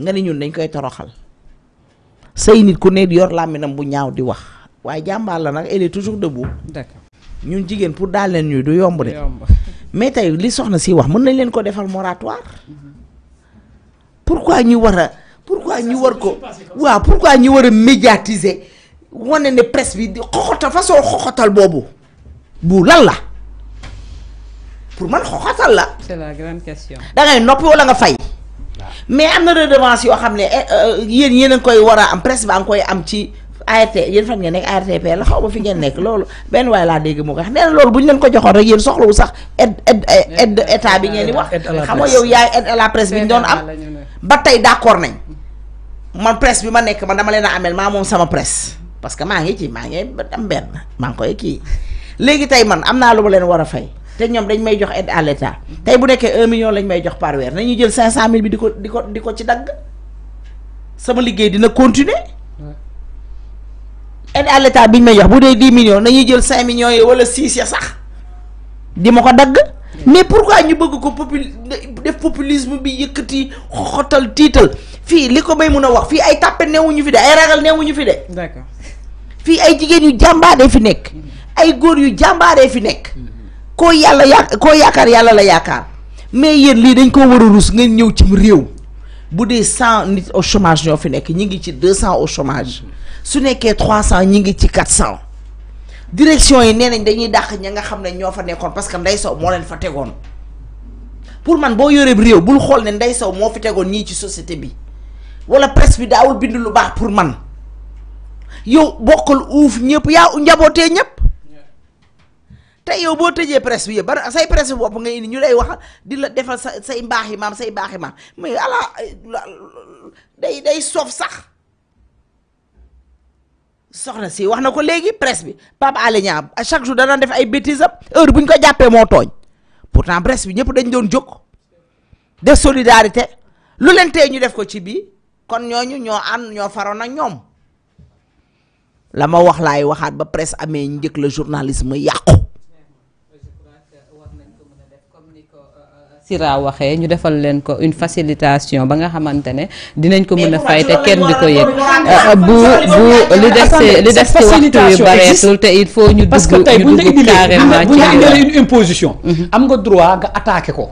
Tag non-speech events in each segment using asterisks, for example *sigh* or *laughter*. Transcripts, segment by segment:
nga ni ñun dañ koy toroxal say nit ku ne di yor laminam bu ñaaw di wax waaye jàmbaar la nag elle est toujours debout ñun jigéen pour daal leen ñuy du yomb de *laughs* mais tey li soxna si wax mën nañ leen ko defal moratoire pourquoi ñu war pourquoi ñu war ko pourquoi ñu médiatiser wane ne presse bi di xoxotal façon xoxotal boobu bu lan la pour man xoxotal la c'est la grande question da ngay noppi wala nga fay mais am na redevance yoo xam ne eh, euh, yéen yéen a koy war a am presse baa ngi koy am ci ART yéen fan ngeen nekk ARTP la xaw ma fi ngeen nekk loolu benn waaye laa dégg moo ko wax nee na loolu bu ñu leen ko joxoon rek yéen soxlawu sax aide aide eh, aide état bi ngeen di wax xam nga yow yaay aide à la presse bi ñu doon am ba tey d'accord nañ man presse bi ma nekk man dama leen a amel maa moom sama presse parce que maa ngi ci maa ngi am benn maa ngi koy kii léegi tey man am naa lu ma leen war a fay te ñoom dañ may jox aide à l'état tey bu nekkee un million lañ may jox par weer nañuy jël cinq cent mille bi di ko di ko di ko ci dagg sama liggéey dina continuer aide à l'état biñ may jox bu dee di million nañuy jël cinq millions yi wala six ya sax di ma ko dagg mais pourquoi ñu bëgg ko popul def populisme bi yëkkati xoxotal tiital fii li ko bay mun a wax fii ay tàppe newuñu fi de ay ragal ñu fi de d'accord fii ay jigéen yu jàmbaaree fi nekk mm-hmm. ay góor yu jàmbaaree fi nekk mm-hmm. koo yàlla ya koo yaakaar yàlla la yaakaar mais yéen lii dañ ko war a rus ngeen ñëw ci mu réew bu dee cent nit au chômage ñoo fi nekk ñi ngi ci deux cent au chômage su nekkee trois cent ñi ngi ci quatre cent direction yi nee nañ dañuy dàq ña nga xam ne ñoo fa nekkoon parce que nday Sow moo leen fa tegoon pour man boo yoree réew bul xool ne nday Sow moo fi tegoon ñii ci société bi wala presse bi daawul bind lu baax pour man yow bokkal uuf ñëpp yaa njabootee ñëpp. tey yow boo tëjee presse bi yëpp ba say presse boobu nga indi ñu lay wax di la defal sa say mbaaxi maam say mbaaxi maam mais ala day day soof sax soxna si wax na ko léegi presse bi Pape Alé Niang chaque jour dana def ay bêtises am heure bu ñu ko jàppee moo tooñ pourtant presse bi ñëpp dañ doon jóg de solidarité lu leen tey ñu def ko ci bii kon ñooñu ñoo ànd ñoo faroon ak ñoom la ma wax laay waxaat ba presse amee njëkk la journalisme yàqu. Sira waxé ñu défal leen ko une facilitation ba nga xamantene dinañ ko mëna a fay te kenn diko ko euh, bu bu li des li des ci waxtu yu bareetul té il faut ñu parce dugg ñu dugg carrément ci bu ñu indilee une imposition mhm. am nga droit nga attaquer ko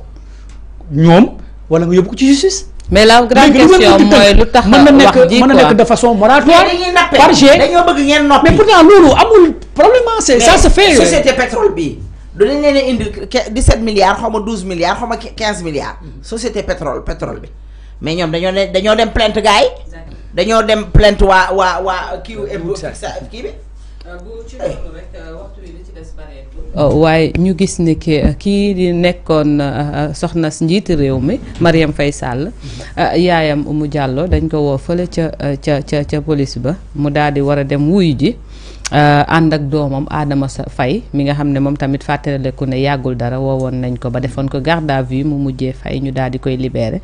ñom wala nga yóbbu ko ci justice mais la grande question mooy lu tax mën na nek mën na nekk de façon moratoire par G dañoo bëgg ngeen noppi mais pourtant loolu amul problème hein, c'est ça se fait société pétrole bi dañ leen a indi 17 milliards xaw ma 12 milliards xaw ma 15 milliards. Mm-hmm. société pétrole pétrole bi. mais ñoom dañoo dañoo dem plainte gars dañoo dem plainte waa waa waa kii kii bi. Euh, euh, oh, waaye ñu gis ni ki euh, kii di nekkoon soxna si njiiti réew mi Mariam fay sàll mm-hmm. yaayam Oumou jàlloo dañ ko woo fële ca ca ca ca police ba mu daal di war a dem wuy ji Euh, ànd ak doomam aadama sa Faye mi nga xam ne moom tamit fàttaleku ne yàggul dara woowoon nañ ko ba defoon ko garde à mu mujjee fay ñu daal di koy libéré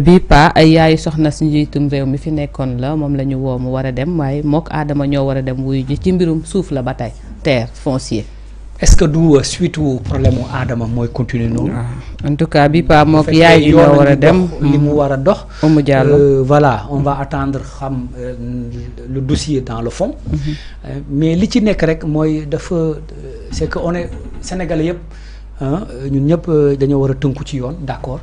bi pa ay yaayu soxna si njiitum réew mi fi nekkoon la moom la ñu woo mu war a dem waaye mook aadama ñoo war a dem wuy ji ci mbirum suuf la ba tey terre foncier est-ce que du euh, suite wu problème mu aadama mooy continuer noonu. Ah, en tout cas bi pa mook yaay ji ñoo war a dem li mu mm, war a dox. mu jàll euh, voilà on va attendre xam euh, le dossier dans le fond. Mm-hmm. mais li ci nekk rek mooy dafa c'est que on est sénégalais yëpp ñun ñëpp dañoo war a tënku ci yoon d'accord.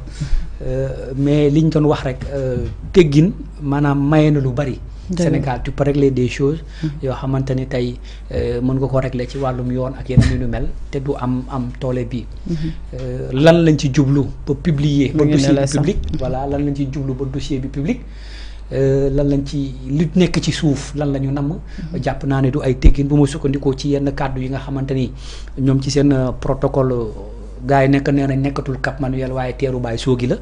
Euh, mais li ñu doon wax rek euh, teggin maanaam maye na lu bari. Sénégal tu peux des choses. Mm-hmm. yoo xamante ni tey euh, mën nga ko régler ci wàllum yoon ak yeneen yu nu mel te du am am toole bi mm-hmm. lan lañ ci jublu ba publier. ba dossier bi public. Mm-hmm. voilà lan lañ ci jublu ba dossier bi public. lan lañ ci li nekk ci suuf lan la ñu namm. jàpp naa ne du ay teggin bu ma sukkandikoo ci yenn kàddu yi nga xamante ni ñoom ci seen protocole. gars yi nekk nee nekkatul Cap Manuel waaye teeru baay soogi la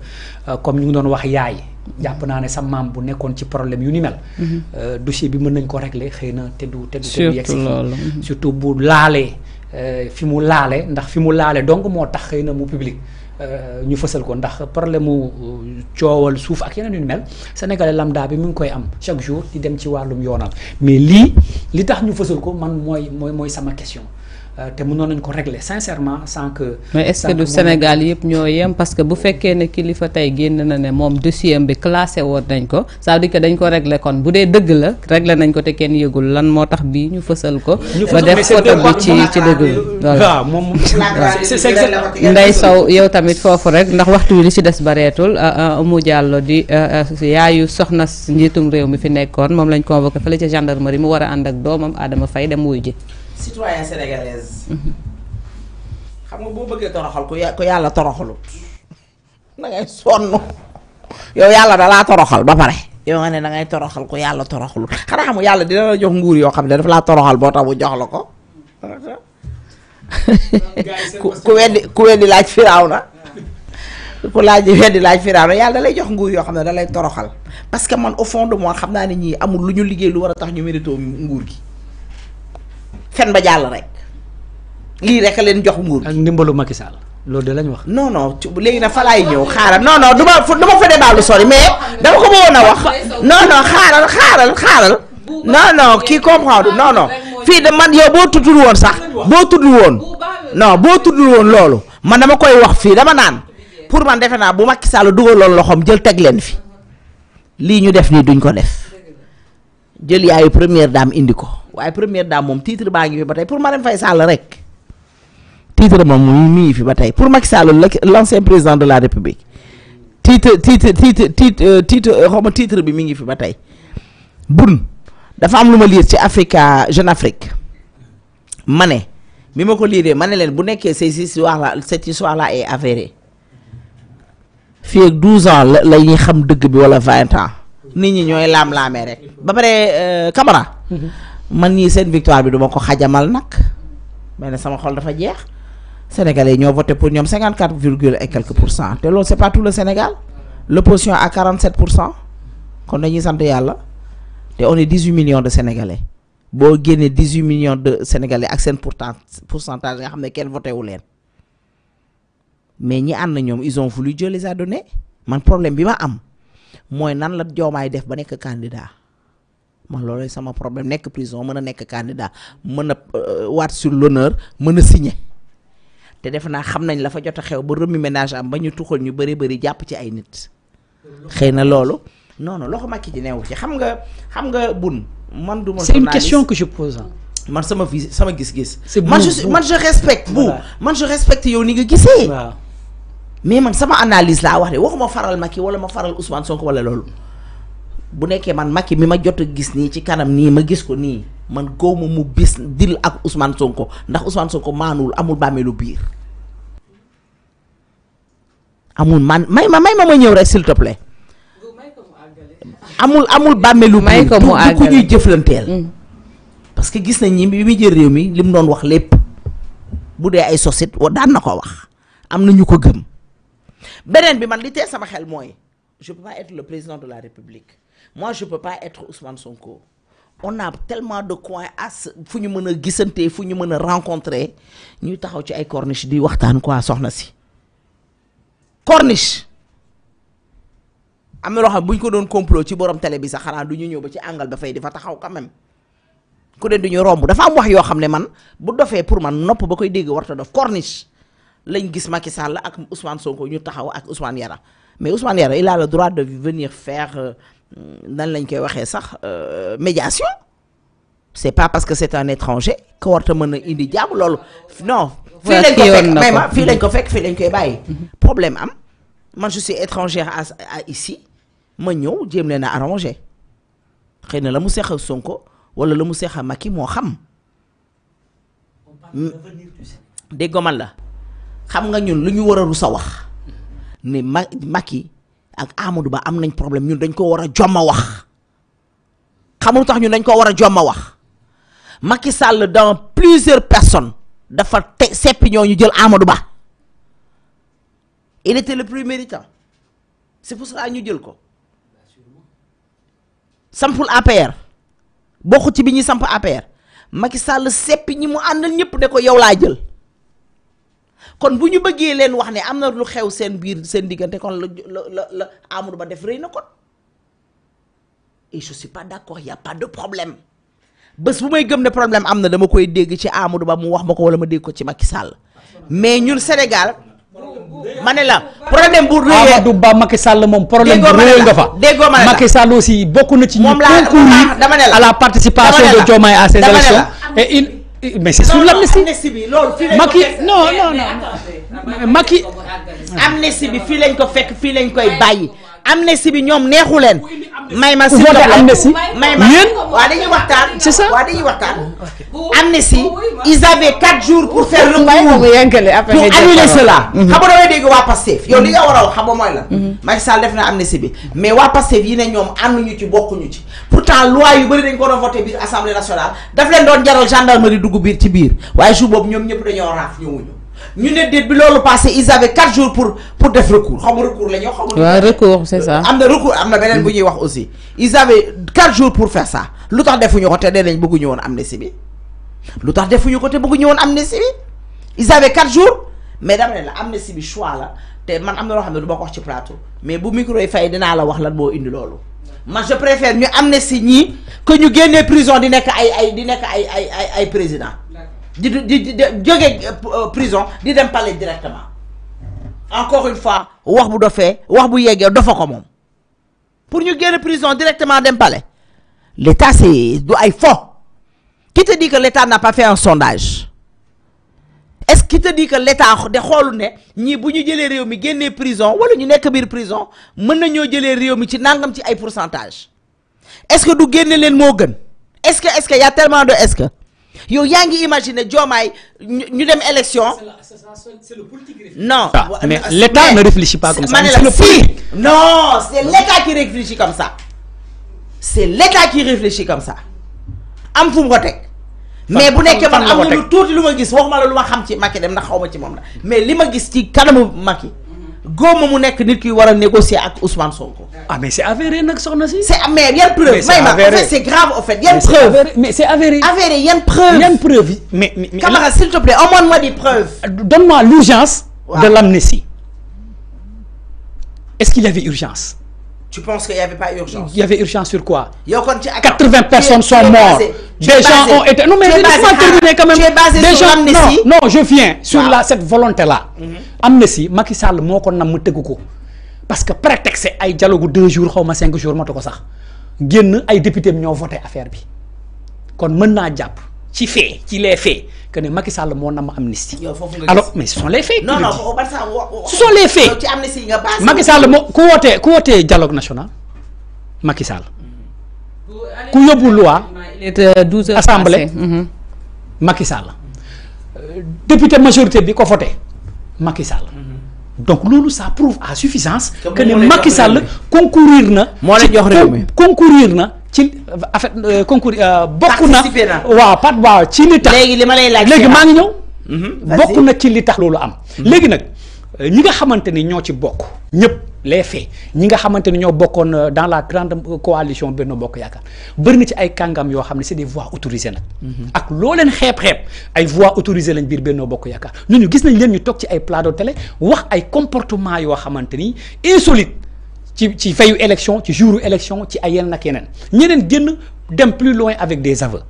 euh, comme ñu ngi doon wax yaay jàpp naa ne sa maam bu nekkoon ci problème yu ni mel mhm. euh, bi mën nañ ko régler xëy na te du te du te du yegg mhm. surtout bu laalee euh, fi mu laalee ndax fi mu laalee donc moo tax xëy na mu public ñu fësal ko ndax problème mu coowal suuf ak yeneen yu mel sénégalais lambda bi mu ngi koy am chaque jour di dem ci wàllum yoonal mais lii li tax ñu fësal ko man mooy mooy mooy sama question Euh, te mënoon nañ ko régler sincèrement sans que. mais est Sénégal yëpp ñoo yem parce que bu fekkee ne kilifa tey génn na ne moom dossier bi classé woon nañ ko ça veut dire dañ ko régle kon bu dee dëgg la régler nañ ko te kenn yëgul lan moo tax bii ñu fësal ko. ba def photo bi ci ci dëgg bi. Euh, waaw moom yow tamit foofu rek ndax waxtu wi li ci des bareetul euh, mu jàllo di yaayu soxna njiitum réew mi fi nekkoon moom lañ convoqué fële ca gendarmerie mu war a ànd ak doomam Adama Faye dem wuy ji. citoyen sénégalaise. Mhm. xam nga boo bëggee toroxal ku ko yàlla toroxalut da ngay sonn yow yàlla dalaa toroxal ba pare yow nga ne da toroxal ku yàlla toroxalut xanaa xamul yàlla dina la jox nguur yoo xam ne daf laa toroxal boo tax mu jox la ko *laughs* ku weddi ku weddi laaj firaaw na *laughs* ku laaj weddi laaj firaaw na yàlla lay jox nguur yoo xam ne da lay toroxal parce que man au fond de xam naa ne ñii amul lu ñu liggéey lu war a tax ñu mérito nguur gi fen ba jàll rek lii rek a leen jox nguur ak ndimbalu Macky Sall loolu de lañ wax. non non léegi nag fa laay ñëw xaaral non non du ma fa du ma fa débat lu sori mais dama ko bëggoon na wax non xaaral xaaral xaaral non kii comprendre non fii de man yow boo tuddul woon sax boo tuddul woon non boo tuddul woon loolu man dama koy wax fii dama naan pour man defe naa bu makki Sall dugaloon loxoom jël teg leen fi lii ñu def nii duñ ko def. jël yaay première dame indi ko waaye première dame moom titre baa ngi fi ba tey pour Marème Faye Sall rek titre moom mu ngi fi ba tey pour Macky Sall l'ancien président de la République titre titre titre titre euh, titre euh, xaw ma titre bi mi ngi fi ba tey bun dafa am lu ma liir ci Africa Jeune Afrique ma ne bi ma ko liiree ma ne leen bu nekkee cette histoire là cette histoire là est avérée fii ak 12 ans la la ñuy xam dëgg bi wala 20 ans nit ñi ñooy laam-laamee rek ba pare euh, Camara man ñii seen victoire bi duma ko xajamal nag mais ben, ne sama xol dafa jeex sénégalais ñoo voté pour ñoom 54 virgule et quelques pour cent te loolu c'est pas tout le Sénégal l'opposition à 47 pour cent kon dañuy sant yàlla te on est 18 millions de sénégalais boo génnee 18 millions de sénégalais ak seen pourtant pourcentage nga xam ne kenn voté wu leen mais ñi ànd na ñoom ils ont voulu Dieu les a donné man problème bi ma am mooy nan la joomaay def ba nekk candidat man loolu sama problème nekk prison mën a nekk candidat mën a euh, waat sur l'honneur mën a signé te def naa xam nañ la fa jot a xew ba remi ménage am ba ñu tuxal ñu bëri bëri jàpp ci ay nit. xëy na loolu. non non loxo Macky ji neewu ci xam nga xam nga bun man du ma. c'est une question que je pose. Hein. man sama vis sama gis-gis. man je man je respecte. bu man je respecte yow ni nga gisee. mais man sama analise laa wax de waxuma faral makki wala ma faral Ousmane Sonko wala loolu bu nekkee man Macky mi ma jot a gis nii ci kanam nii ma gis ko nii man góob ma mu bis dil ak Ousmane Sonko ndax Ousmane Sonko maanuwul amul bàmmeelu biir amul man may ma ma ma ñëw rek s'il amul amul bàmmeelu biir du ku ñuy jëflanteel mm. parce que gis nañ ñi bi muy jël réew mi li mu doon wax lépp bu dee ay sosit daan na ko wax am na ñu ko gëm Je bi je peux pas être le président de la république moi je peux pas être Ousmane Sonko on a tellement de coins à se rencontrer taxaw ci corniche di waxtaan quoi soxna corniche vous ko complot ci borom télé bi ñëw ba ci fay di taxaw quand même ku du am wax pour man lañ gis Macky ak Ousmane Sonko ñu taxaw ak Ousmane Yara mais Ousmane Yara il a le droit de venir faire euh, nan lañ koy waxee sax euh, médiation c'est pas parce que c'est un étranger que warta mën indi non fii lañ ko fekk mais problème am je suis étrangère à ici ma ñëw jéem a arrangé la mu Sonko wala la mu xam nga ñun lu ñu war a rusa wax ni ma Macky ak Amadou Ba am nañ problème ñun dañ koo war a jomma wax xam lu tax ñun dañ koo war a jomma wax makki Sall dans plusieurs personnes dafa te seppi ñoo ñu jël Amadou Ba il était le plus méritant c'est pour ça ñu jël ko sampul APR bokk ci bi ñuy samp APR Macky Sall seppi ñi mu àndal ñëpp ne ko yow laa jël kon bu ñu bëggee leen wax ne am na lu xew seen biir seen diggante kon la la la Amadou Ba def rëy na kon et je suis pas a pas de problème bés bu may gëm ne problème am na dama koy dégg ci Amadou Ba mu wax ma ko wala ma dégg ko ci Macky Sall mais ñun Sénégal ma ne la problème bu rëyee Amadou Ba Macky Sall moom problème bu rëyee nga fa déggoo ma ne la Macky Sall aussi bokk na ci ñu concours yi à la participation de Diomaye à ces mais c'est sur l'amnistie Macky non non non Macky amnistie bi fii lañ ko fekk fii lañ koy bàyyi amnistie bi ñoom neexu leen may ma si voté amnistie may ma yéen waaw dañuy waxtaan c'est ça waaw dañuy waxtaan amnistie ils avaient quatre jours pour faire le mou pour annuler cela mhm. xam nga damay dégg waa Pastef yow li nga mhm. war a wax xam nga mooy la mhm. Macky Sall def na amnistie bi mais waa Pastef yi ne ñoom ànduñu ci bokkuñu ci pourtant loi yu bëri dañ ko doon voté biir assemblée nationale daf leen doon jaral gendarmerie dugg biir ci biir waaye jour boobu ñoom ñëpp dañoo ñu ne déet bi passé ils avaient 4 jours pour pour def recours xaw recours la ñu xaw recours c'est ça. Euh, am na recours am na beneen bu ñuy wax aussi ils avaient 4 jours pour faire ça lu tax defuñu ko te nee nañ bëgguñu woon amnistie bi lu tax defuñu côté te bëgguñu woon amnistie bi ils avaient 4 jours mais dama ne la amnistie bi choix la te man am na loo xam ne du ma ko wax ci plateau mais bu micro yi fay dinaa la wax lan moo indi loolu. man je préfère ñu amnistie ñii que ñu génnee prison di nekk ay ay di nekk ay ay ay ay président di di di euh, euh, prison di dem palais directement encore une fois wax bu dofee wax bu do fa ko mom pour ñu génn prison directement dem palais l'état c'est do ay fo qui te dit que l'état n'a pas fait un sondage est-ce qui te dit que l'état de xoolu ne ñi bu ñu jëlé réew mi génnee prison wala ñu nekk biir prison mën nañoo jëlé réew mi ci nangam ci ay pourcentage est-ce que du génne len mo gën est-ce que est-ce que y a tellement de est-ce que Yo yangi ngi imaginer Diomaye ñu dem élection. c'est le politique. non ah, mais l'État ne réfléchit pas comme ça. c'est le politique non c'est l'État qui réfléchit comme ça. c'est l'État qui réfléchit comme ça am fu mu mais bu nekkee man am na lu tuuti lu gis waxuma la lu xam ci Macky dem na xawma ci mom la mais lima ma gis ci kanamu Macky góoma mu nek nit ki wara négocier ak Ousmane Sonko. ah mais c'est avéré nak soxna si. c'est mais il preuve. mais c'est preuve. fait c'est grave en fait une preuve. mais c'est avéré avéré une preuve. yan preuve mais mais. camarade s'il te plaît moi des preuves. donne-moi l'urgence de l'amnésie. est-ce qu'il y avait urgence. Tu penses qu'il n'y avait pas urgence Il y avait urgence sur quoi 80 personnes sont mortes. Des gens ont été. Non, mais laisse-moi terminer quand même. des gens... l'amnésie non, je viens sur cette volonté-là. -hmm. Amnésie, Macky Sall, je ne Parce que prétexte, il y a dialogue 2 jours, 5 jours, je ne sais pas. Il y a des députés qui ont voté l'affaire. Donc, je peux dire, fait, qui fait que ne Macky Sall amnistie. alors mais ce sont les faits. non non ce sont les faits. dialogue national Macky Sall. ku loi. il 12 euh, assemblée. Mhm. Macky euh, député majorité bi ko voté Macky mhm. donc nous ça prouve à suffisance. que ne Macky Sall concourir concourir ci en fait euh, concours euh, beaucoup na wa pat wa ci li tax légui li ma lay laaj léegi maa ngi ñëw mhm. bokk na ci li tax lolu am mhm. légui nak euh, ñi nga xamanteni ño ci bok ñep les faits ñi nga xamanteni ño bokone dans la grande coalition Benno bok Yaakaar bëri na ci ay kangam yo xam c'est des voix autorisées nak mhm. ak lo leen xeeb-xeeb ay voix autorisées lañ bir Benno bok Yaakaar ñun ñu gis nañ leen ñu tok ci ay plateau télé wax ay comportement yo xamanteni insolite ci ci fayu élection ci jouru élection ci ayel yeneen ak yeneen ñeneen génn dem plus loin avec des aveux.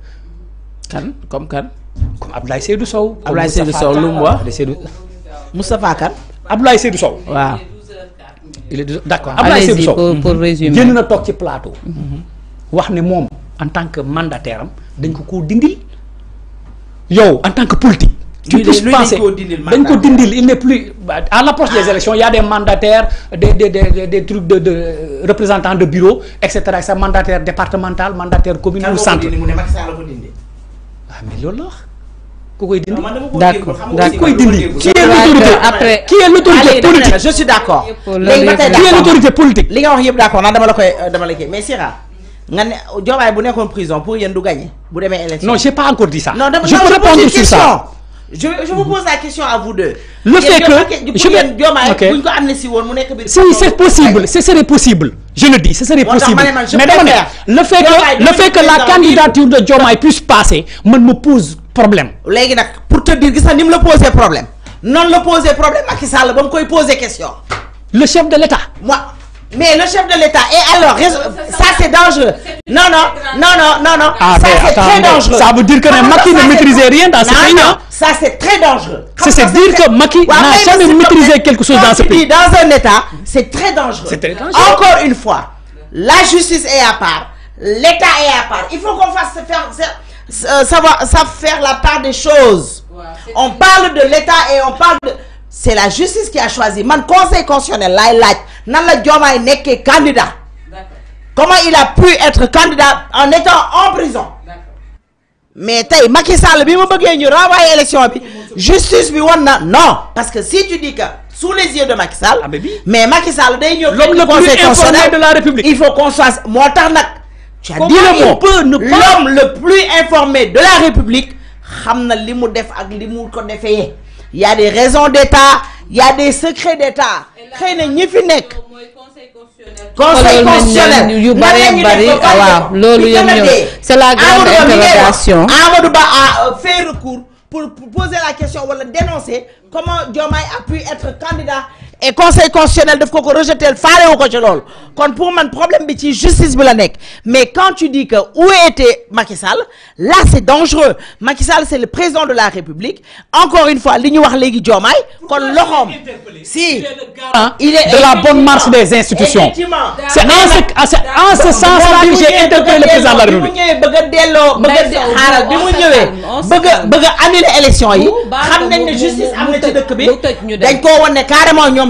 kan comme kan. comme Abdoulaye Seydou Sow. Abdoulaye Seydou Sow lu mu Seydou Moustapha kan Abdoulaye Seydou Sow. waaw. il est d'accord accord Abdoulaye Seydou Sow pour mhm. résumer genn na tok ci plateau. Mhm. wax ne mom en tant que mandataire am dañ ko ko dindil yow en tant que politique tu peux penser dindil il n'est plus bah, à l'approche des élections il y a des mandataires des des des des trucs de de euh, représentants de bureau etc. cest et mandataire départemental mandataire communal ou centre. ah mais loolu wax d'accord qui est l'autorité après qui est l'autorité politique je suis d'accord. qui est l'autorité politique. li nga wax d'accord naan dama la dama la mais Sira. nga ne Diomaye bu en prison pour du gagner Non, je n'ai non j'ai pas encore dit ça. je peux répondre sur ça je vous pose la question à vous deux. le fait que je si c'est possible ce serait possible. je le dis ce serait possible mais le fait que le fait que la candidature de Diomaye puisse passer me pose problème. pour te dire que ça ne me pose pas problème Non, le pose problème Macky Sall ba koy question. le chef de l'État. moi mais le chef de l'État et alors ça c'est dangereux non non non non non ah, ça c'est très dangereux ça veut dire que Macky ne maîtrisait rien dans ce pays ça c'est très dangereux. C'est dire que Macky n'a jamais maîtrisé quelque chose dans ce pays. Dans un État, c'est très dangereux. Encore une fois, la justice est à part, l'État est à part. Il faut qu'on fasse faire, euh, savoir, ça faire la part des choses. on parle de l'État et on parle de... C'est la justice qui a choisi. Man, conseil constitutionnel, là, là, nan la candidat. Comment il a pu être candidat en étant en prison mais tay Macky Sall bi ma bëggee ñu renvoyer élection bi justice bi wonna non parce que si tu dis que sous les yeux de Macky Sall. Ah, mais Macky Sall day ñëw. l'homme le plus informé de la République il faut qu'on soit tu as dit le mot l'homme le plus informé de la République xamna limu def ak limu ko défé Il y a des raisons d'État il y a des secrets d'État xëy ñi fi conseil constitutionnel yu bari bari waaw loolu yëpp c'est la grande interrogation Amadou Ba a euh, fait recours pour poser la question wala dénoncer comment Diomaye a pu être candidat et conseil constitutionnel de ko rejeté rejeté faré ko ci loolu kon pour le problème bi la justice bi mais quand tu dis que où était Macky Sall là c'est dangereux Macky Sall c'est le président de la République encore une fois li wax Diomaye kon l'homme si il est de la bonne marche des institutions c'est en ce en ce sens que j'ai interpellé le président de la République Il mu ñëwee bëgg a delloo bëgg a Il a a annuler l'élection yi xam nañ justice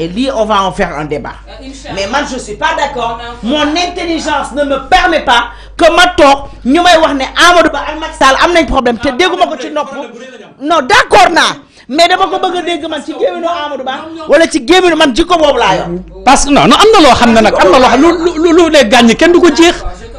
Et lui, on va en faire un débat. Euh, mais moi, je ne suis pas d'accord. Mon intelligence ne me permet pas que ma tort ñu may wax ne Amadou Ba ak Macky Sall am problème Tu dégguma ko ci nopp. non d'accord non. mais dama ko bëgg dégg man ci gémino Amadou Ba wala ci gémino man jikko bobu la yor. parce que non non amna lo loo nak ne lo am lu lu né lee gàññi kenn du ko jeex.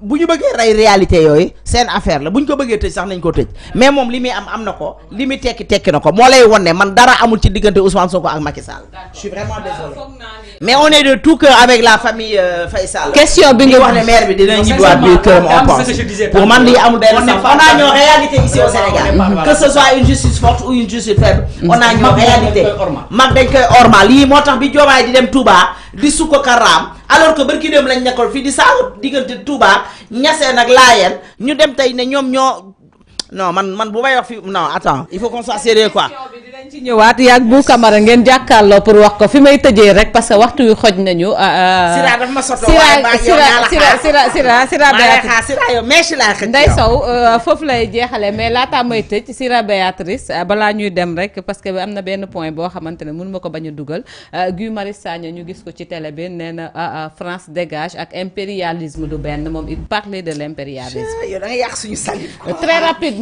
bu ñu bëggee rey réalité yooyu seen affaire la buñ ko bëggee tëj sax nañ ko tëj mais moom li muy am am na ko li muy tekki tekki na ko moo lay won ne man dara amul ci diggante Ousmane Sonko ak Macky Sall. je suis vraiment ah, désolé mais on est de tout cœur avec la famille euh, Faye question bi nga wax ne maire bi dina ñibbiwaat biir këram on ah, pense pour man lii amul benn sens on a nos réalité ici au Sénégal. que ce soit une justice forte ou une justice faible. on a ñoo réalité mag dañ koy ormal lii moo tax bi Diomaye di dem Touba. di sukko ka raam alors que barki dem lañ nekkoon fii di saawu diggante Touba Niassène ak Laayeen ñu dem tey ne ñoom ñoo non man man bu may wax non attends il faut qu'on soit sérieux quoi. ñëwaat yaag bu ngeen jàkkaarloo pour wax ko fi may tëjee rek parce que waxtu wi euh, euh, Sira la lay mais euh, may Sira Béatrice balaa ñuy dem rek parce que am na benn point boo xamante ne la ko a dugal Guy Marius ñu gis ko ci télé bi France dégage ak impérialisme du benn moom il parlait de l'impérialisme. impérialisme. yow très rapide.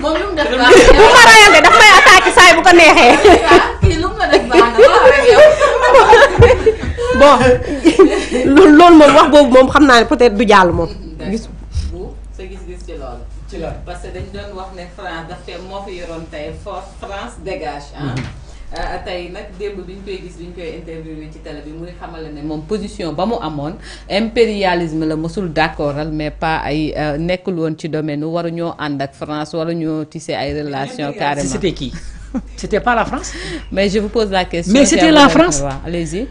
moom lu mu def baax bu ma rayante daf may attaqué saay bu ko neexee. kii lu loolu moom wax boobu moom xam naa ne peut-être du jàll moom. gis sa gis-gis ci ci loolu parce que dañ wax ne France daf Euh, euh, tey nag démb bi ñu koy gis bi ñu koy interviewé ci télé bi muy xamale ne moom position ba mu amoon impérialisme la mosul d'accordal mais pas ay euh, nekkul woon ci domaine nu ñoo ànd ak France wala ñoo tisser ay relations carrément c'était qui c'était pas la France mais je vous pose la question mais c'était la France allez-y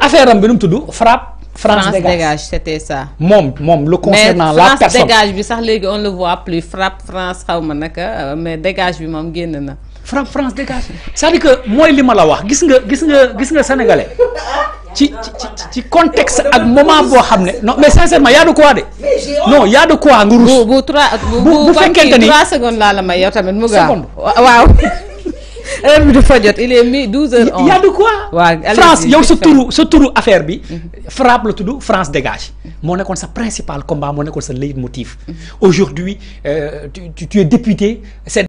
affaire am bi nu mu tudd frappe France, France dégage. c'était ça. Mom, mom, le concernant mais la personne. Mais France dégage, on ne le voit plus. Frappe France, mais dégage, mom, na France France dégage c'est-à-dire que mooy li ma la wax gis nga gis nga gis nga sénégalais ci ci ci contexte ak moment bo xamné non mais sincèrement y a de quoi dé non y a de quoi nga ruus. bu bu bu bu fekkente ni 3 secondes laa la may yow tamit mu ga waaw. *laughs* heure bi du jot il est mi 12 h 11 y a de quoi. waaw France yow sa turu sa turu affaire bi. Mhm. frappe le tudd France dégage. mo nekkoon sa principal combat mo nekkoon sa leitmotiv. Mhm. aujourd'hui euh, tu tu es député.